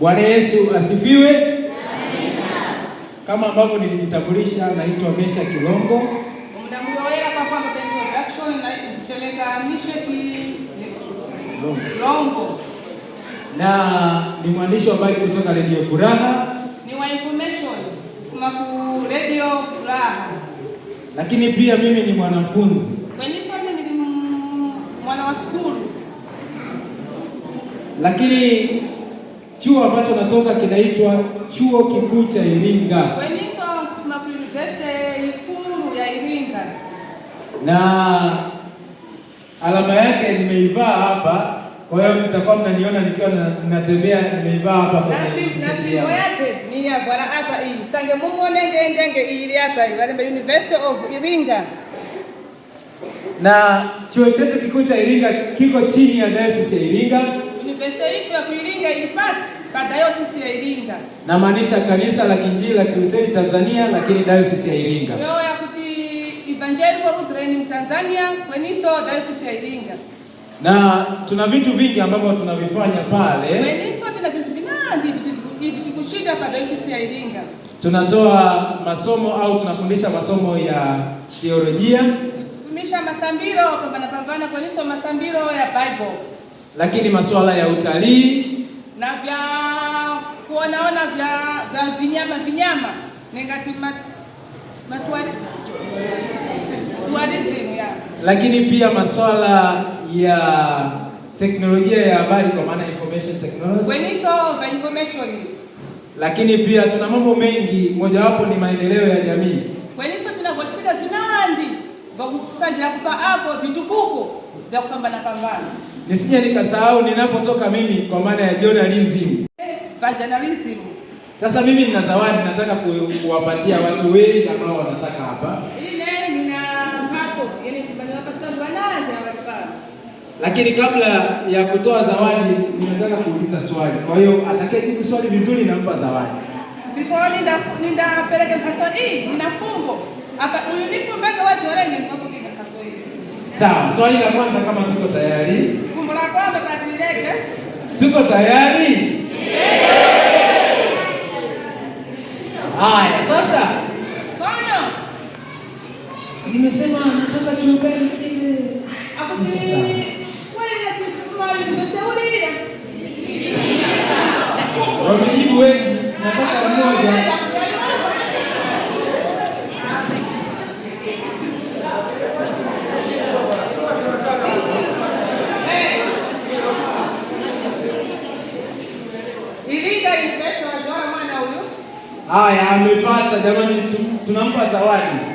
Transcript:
Bwana Yesu asifiwe. Kama ambavyo nilijitambulisha, naitwa Mesha Kilongo Longo na ni mwandishi wa habari kutoka Radio Furaha, ni wa information kuma ku Radio Furaha, lakini pia mimi ni mwanafunzi ni mwana wa shule, lakini Chuo ambacho natoka kinaitwa Chuo Kikuu cha Iringa na alama yake nimeivaa hapa. Kwa hiyo mtakuwa mnaniona nikiwa natembea nimeivaa hapa kwa na chuo chetu kikuu cha Iringa kiko chini ya Dayosisi ya Iringa. Mesa yetu ya ilipasi dayosisi ya Iringa, kanisa la Kinjili la Kilutheri Tanzania, lakini dayosisi ya Iringa ya kuti evangelical Tanzania kweniso dayosisi ya Iringa, na tuna vitu vingi ambavyo tunavifanya pale kweniso, tuna vitu vingi dayosisi ya Iringa. Tunatoa masomo au tunafundisha masomo ya teolojia, masambiro pambana kweniso masambiro ya Bible lakini masuala ya utalii na vya kuonaona vya vya vinyama vinyama yeah. Lakini pia masuala ya teknolojia ya habari kwa maana information technology. When it's all information. Lakini pia tuna mambo mengi, mojawapo ni maendeleo ya jamii vinandi vya kukusanya kupa hapo vitukuku vya kupambana pambana nisije nikasahau ninapotoka mimi, kwa maana ya journalism. Journalism. Sasa mimi nina zawadi nataka kuwapatia watu wengi ambao wanataka hapa lakini kabla ya kutoa zawadi ninataka kuuliza swali. Kwa hiyo atakayejibu swali vizuri nampa zawadi. Sawa, swali la kwanza, kama tuko tayari Tuko tayari? Haya, sasa nimesema nataka tuombe wamejibu wengi, nataka mmoja Haya, amepata jamani, tunampa zawadi.